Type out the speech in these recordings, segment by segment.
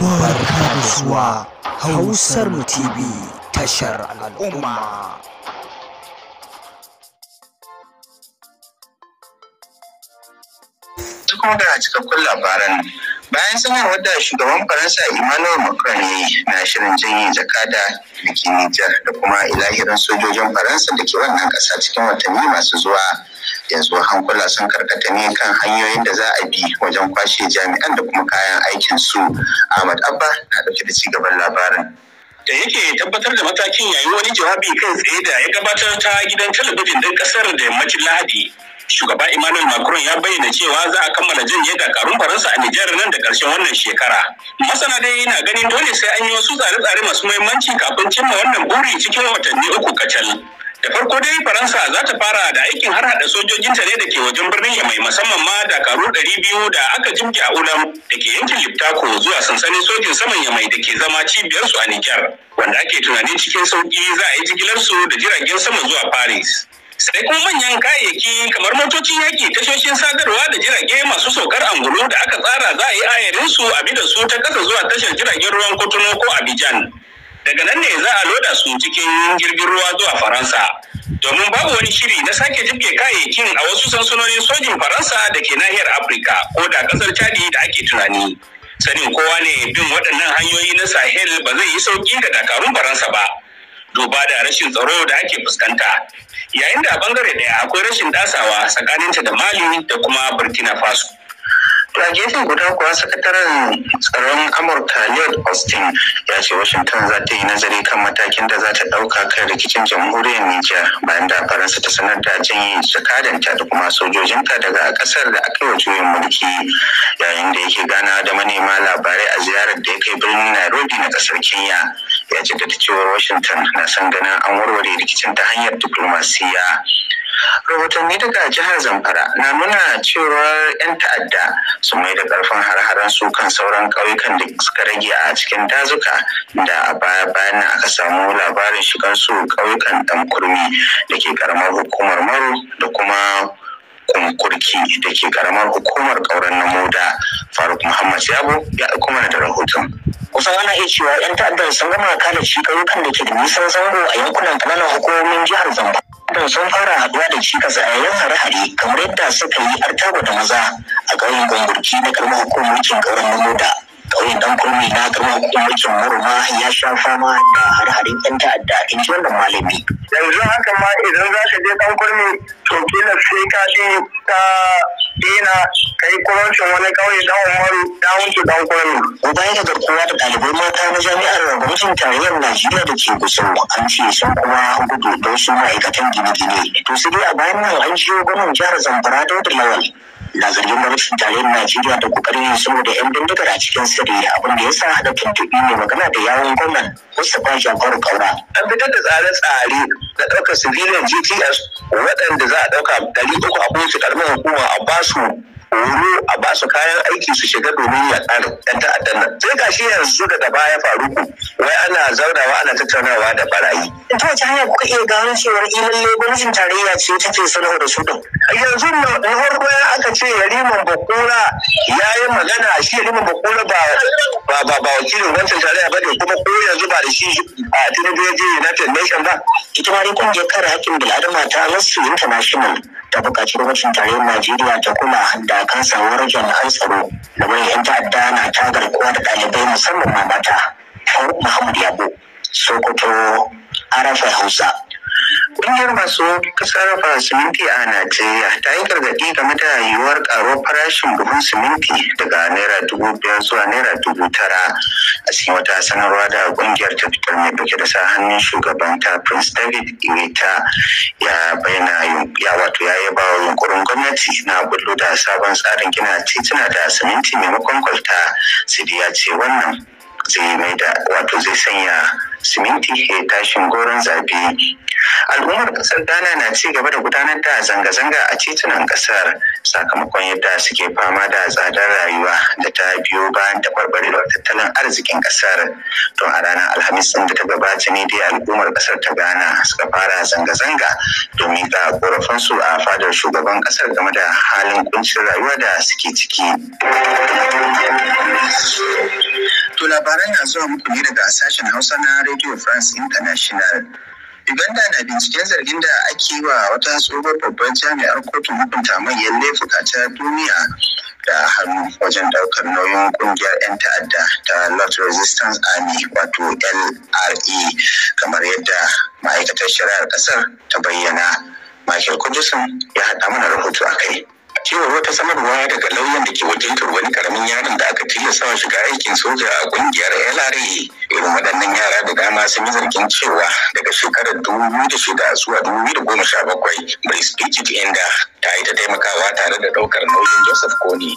barka da zuwa hausar mu tv tashar al'umma duk magana cikakkun labaran bayan sanarwar da shugaban faransa emmanuel macron ne na shirin janye jakada da nijar da kuma ilahirin sojojin faransa da ke wannan kasa cikin watanni masu zuwa yanzu hankula sun karkata ne kan hanyoyin da za a bi wajen kwashe jami'an da kuma kayan aikin su ahmad abba na dauke da gaban labarin da yake tabbatar da matakin yayin wani jawabi kan tsaye da ya gabatar ta gidan talabijin ɗin ƙasar da yammacin lahadi shugaba Emmanuel Macron ya bayyana cewa za a kammala janye karun Faransa a Nijar nan da ƙarshen wannan shekara. Masana dai yana ganin dole sai an yi wasu tsare-tsare masu muhimmanci kafin cimma wannan buri cikin watanni uku kacal. Da farko dai Faransa za ta fara da aikin har hada sojojinta ne da ke wajen birnin ya mai musamman ma da dakaru ɗari biyu da aka jimge a Ulam da ke yankin Liptako zuwa sansanin sojin saman ya mai da ke zama su a Niger, Wanda ake tunanin cikin sauƙi za a yi su da jiragen sama zuwa Paris. sai kuma manyan kayayyaki kamar motocin yaƙi tashoshin sadarwa da jirage masu saukar angulu da aka tsara za a yi ayarin su a bidan su ta ƙasa zuwa tashar jiragen ruwan kotono ko abidjan daga nan ne za a loda su cikin jirgin ruwa zuwa faransa domin babu wani shiri na sake jibge kayayyakin a wasu sansanonin sojin faransa da ke nahiyar afirka ko da kasar chadi da ake tunani sanin kowa ne bin waɗannan hanyoyi na sahel ba zai yi sauƙi ga dakarun faransa ba duba da rashin tsaro da ake fuskanta yayin da a bangare ɗaya akwai rashin dasawa tsakaninta da mali da kuma burkina faso To gefen guda kuwa sakataren tsaron Amurka Lloyd Austin ya ce Washington za ta yi nazari kan matakin da za ta ɗauka kan rikicin jamhuriyar Nijar bayan da Faransa ta sanar da janye jakadanta da kuma sojojinta daga ƙasar da aka yi wa juyin mulki yayin da yake ganawa da manema labarai a ziyarar da ya kai birnin Nairobi na ƙasar Kenya ya ta cewa Washington na san ganin an warware rikicin ta hanyar diplomasiya. rahotanni daga jihar zamfara na nuna cewar 'yan ta'adda su mai da karfin har-haren su kan sauran ƙauyukan da suka rage a cikin dazuka da a baya bayan aka samu labarin shigar su ƙauyukan dan kurmi da ke karamar hukumar maru da kuma kunkurki da ke karamar hukumar ƙauren da faruk muhammad yabo ya kuma da rahoton kusan ana iya cewa 'yan ta'addar sun gama shi ƙauyukan da ke da nisan zango a yankunan kananan hukumomin jihar zamfara da sun fara haɗuwa da cikas a yayin hare-hare kamar yadda suka yi artaba da maza a ƙauyen gangurki na karamar hukumar cin ƙauran na ƙauyen dan kurmi na gama hukumar maruma ya sha fama da hare-haren 'yan ta'adda in ji wannan malami. yanzu haka ma idan za ka je dan kurmi to kila sai ka je ta dina ka yi wani ƙauye dan umaru ta wuce dan kurmi. baya da garkuwa da ɗalibai mata na jami'ar gwamnatin tarayyar najeriya da ke gusau an ce sun kuma gudu don su ma'aikatan gine-gine to sai dai a bayan nan an jiyo gwamnan jihar zamfara da lawal na zargin gwamnatin tarayyar Najeriya da kokarin yin sulhu da 'yan bindigar a cikin sirri abin da ya sa haɗa tuntuɓi ne magana da yawon gwamnan Mustapha Jafaru Kaura. An fitar da tsare-tsare na ɗaukar civilian GTS waɗanda za a ɗauka ɗari uku a su ƙaramin hukuma a basu horo a ba su kayan aiki su shiga domin ya tsara yan ta'addan nan sai ga shi yanzu daga baya faru ku wai ana zaunawa ana tattaunawa da barayi ta wace hanya kuka iya gano cewar ilin eh gwamnatin tarayya ce take sanarwa da su din yanzu na farko ya aka ce yariman bakura ya yi magana shi yariman bakura ba ba ba ba wakilin gwamnatin tarayya ba ne kuma ko yanzu ba da shi a tinubu ya je united nation ba ita ma dai kungiyar kare hakkin bil'adama ta nasu international ta buƙaci gwamnatin tarayyar najeriya ta kula da iyaka samu rage ma'an tsaro da wani yan ta'adda na tagar kowa da ɗalibai musamman ma mata Faruk Muhammad Yabo Sokoto Arafa Hausa. Ƙungiyar masu sarrafa siminti a Najeriya ta yi gargaɗi game da yiwuwar ƙaruwar farashin buhun siminti daga naira dubu biyar zuwa naira dubu tara a cikin wata sanarwa da ƙungiyar ta fitar mai dauke da sa hannun shugabanta Prince David Iweta ya bayyana ya wato ya yi yunkurin gwamnati na bullo da sabon tsarin gina tituna da siminti maimakon kwalta sai ya ce wannan zai mai da wato zai sanya siminti ke tashin goron zafi al'ummar kasar ghana na ci gaba da gudanar da zanga-zanga a titunan kasar sakamakon yadda suke fama da tsadar rayuwa da ta biyo bayan taɓarɓarewar tattalin arzikin kasar don a ranar alhamis din da ta gabata ne dai al'ummar kasar ta ghana suka fara zanga-zanga domin ga su a fadar shugaban kasar game da halin kuncin rayuwa da suke ciki To labaran na zuwa muku ne daga sashen Hausa na Radio France International. Uganda na binciken zargin da ake wa wata tsohuwar babbar jami'ar kotun hukunta manyan laifuka ta duniya da hannu wajen daukar nauyin kungiyar 'yan ta'adda ta North Resistance Army wato LRA kamar yadda ma'aikatar shari'ar kasar ta bayyana. Michael Kudusun ya haɗa mana rahoto a kai. cewar wata sanarwa daga lauyan da ke wakiltar wani karamin yaron da aka tilasta shiga aikin soja a kungiyar LRA irin waɗannan yara da dama sun yi zargin cewa daga shekarar dubu biyu da shida zuwa dubu da goma sha bakwai Brice Bridget Inda ta yi ta taimakawa tare da ɗaukar nauyin Joseph Kony.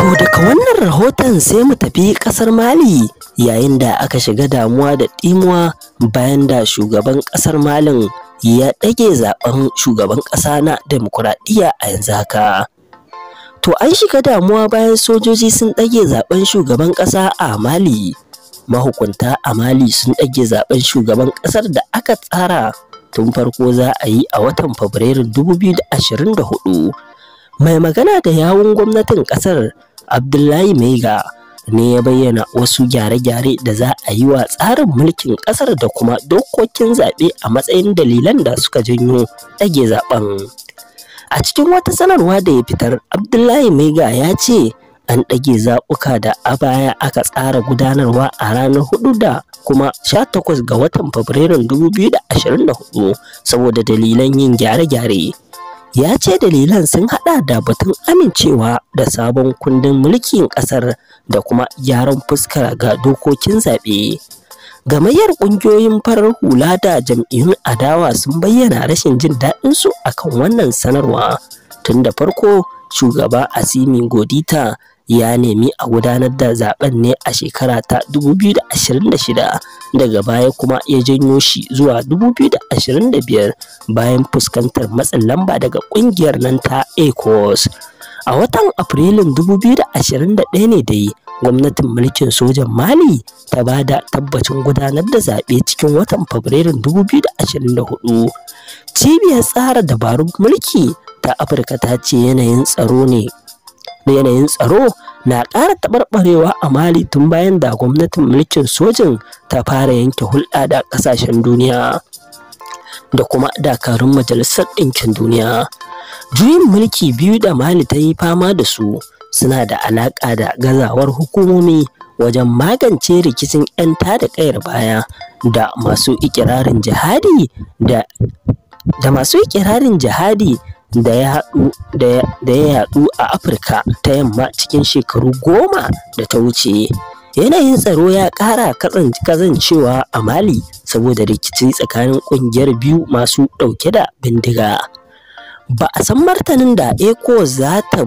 To daga wannan rahoton sai mu tafi ƙasar Mali yayin da aka shiga damuwa da ɗimuwa bayan da shugaban ƙasar Malin ya ɗage zaben shugaban ƙasa na demokuraɗiyya a yanzu haka. To an shiga damuwa bayan sojoji sun ɗage zaben shugaban ƙasa a Mali. Mahukunta a Mali sun ɗage zaben shugaban ƙasar da aka tsara tun farko za a yi a watan Fabrairun 2024. Mai magana da yawun gwamnatin ƙasar Abdullahi Mega ne ya bayyana wasu gyare-gyare da za a yi wa tsarin mulkin ƙasar da kuma dokokin zaɓe a matsayin dalilan da suka janyo ɗage zaɓen. A cikin wata sanarwa da ya fitar, Abdullahi Mega ya ce an ɗage zaɓuka da a baya aka tsara gudanarwa a ranar hudu da kuma sha takwas ga watan Fabrairun 2024 saboda dalilan yin gyare-gyare. ya ce dalilan sun hada da batun amincewa da sabon kundin mulkin kasar da kuma gyaran fuska ga dokokin zaɓe. Gamayyar ƙungiyoyin farar hula da jam'iyyun adawa sun bayyana rashin jin daɗinsu akan wannan sanarwa tun da farko shugaba Asimi Godita ya nemi a gudanar da zaben ne a shekara ta 2026 daga baya kuma ya janyo shi zuwa 2025 bayan fuskantar matsin lamba daga kungiyar nan ta ecos a watan afrilun 2021 ne dai gwamnatin mulkin sojan mali ta ba da tabbacin gudanar da zaɓe cikin watan fabrairun 2024 cibiyar tsara dabarun mulki ta afirka ta ce yanayin tsaro ne na yanayin tsaro na ƙara taɓarɓarewa a Mali tun bayan da gwamnatin mulkin sojin ta fara yanke hulɗa da ƙasashen duniya da kuma dakarun majalisar ɗinkin duniya. Juyin mulki biyu da Mali ta yi fama da su suna da alaƙa da gazawar hukumomi wajen magance rikicin 'yan tada ƙayar baya da masu ikirarin jihadi da da masu ikirarin jihadi da ya yadu a Afirka ta yamma cikin shekaru goma da ta wuce. Yanayin tsaro ya ƙara kazancewa a Mali saboda rikici tsakanin ƙungiyar biyu masu ɗauke da bindiga. Ba a san martanin da ECO za ta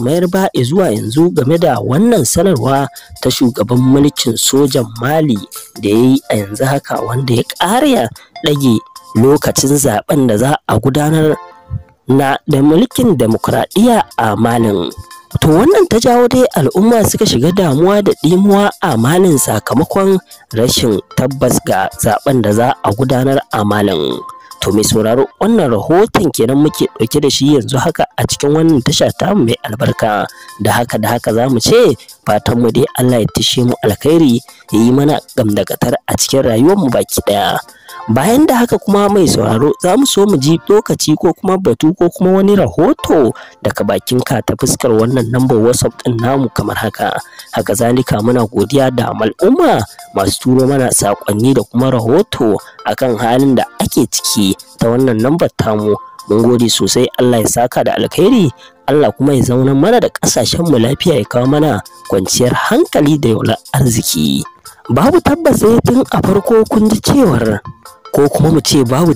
mayar ba zuwa yanzu game da wannan sanarwa ta shugaban mulkin sojan Mali da ya yi a yanzu haka wanda ya ƙara ɗage lokacin zaben da za a gudanar na da mulkin demokradiyya a Malin. To wannan ta jawo dai al'umma suka shiga damuwa da ɗimuwa a Malin sakamakon rashin tabbas ga zaben da za a gudanar a Malin. To mai sauraro wannan rahoton kenan muke ɗauke da shi yanzu haka a cikin wannan tasha tamu mai albarka da haka da haka za mu ce fatan mu dai Allah ya tishe mu alkhairi ya yi mana gamdagatar a cikin rayuwar mu baki daya bayan da haka kuma mai sauraro za mu so mu ji lokaci ko kuma batu ko kuma wani rahoto daga bakin ka ta fuskar wannan lambar whatsapp din namu kamar haka haka zalika muna godiya da al'umma masu turo mana saƙonni da kuma rahoto akan halin da ake ciki ta wannan lambar tamu mun gode sosai Allah ya saka da alkhairi Allah kuma ya zauna mana da ƙasashen mu lafiya ya kawo mana kwanciyar hankali da yaular arziki babu tabbas sai tun a farko kun ji cewar ko kuma mu ce babu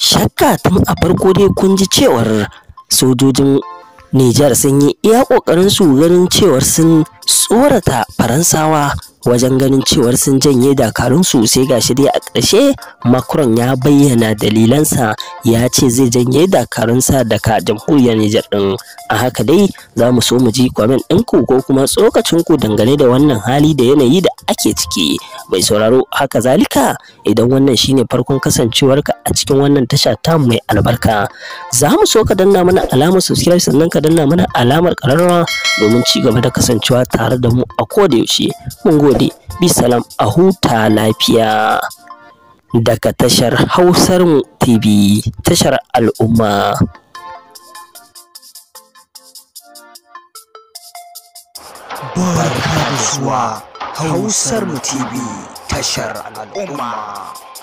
shakka tun a farko dai kun ji cewar sojojin Nijar sun yi iya ƙoƙarin su ganin cewar sun tsorata Faransawa wajen ganin cewar sun janye dakarunsu sai gashi dai a ƙarshe macron ya bayyana dalilansa ya ce zai janye dakarunsa daga jamhuriyar nijar ɗin a haka dai za mu so mu ji kwamen ɗinku ko kuma tsokacinku dangane da wannan hali da yanayi da ake ciki mai sauraro haka zalika idan wannan shine farkon kasancewarka a cikin wannan tasha ta mai albarka za mu so ka danna mana alamar subscribe sannan ka danna mana alamar ƙararrawa domin ci gaba da kasancewa tare da mu a koda yaushe mun gode gode bisalam a huta lafiya daga tashar hausar tv tashar al'umma Barka da zuwa Hausar TV tashar al'umma.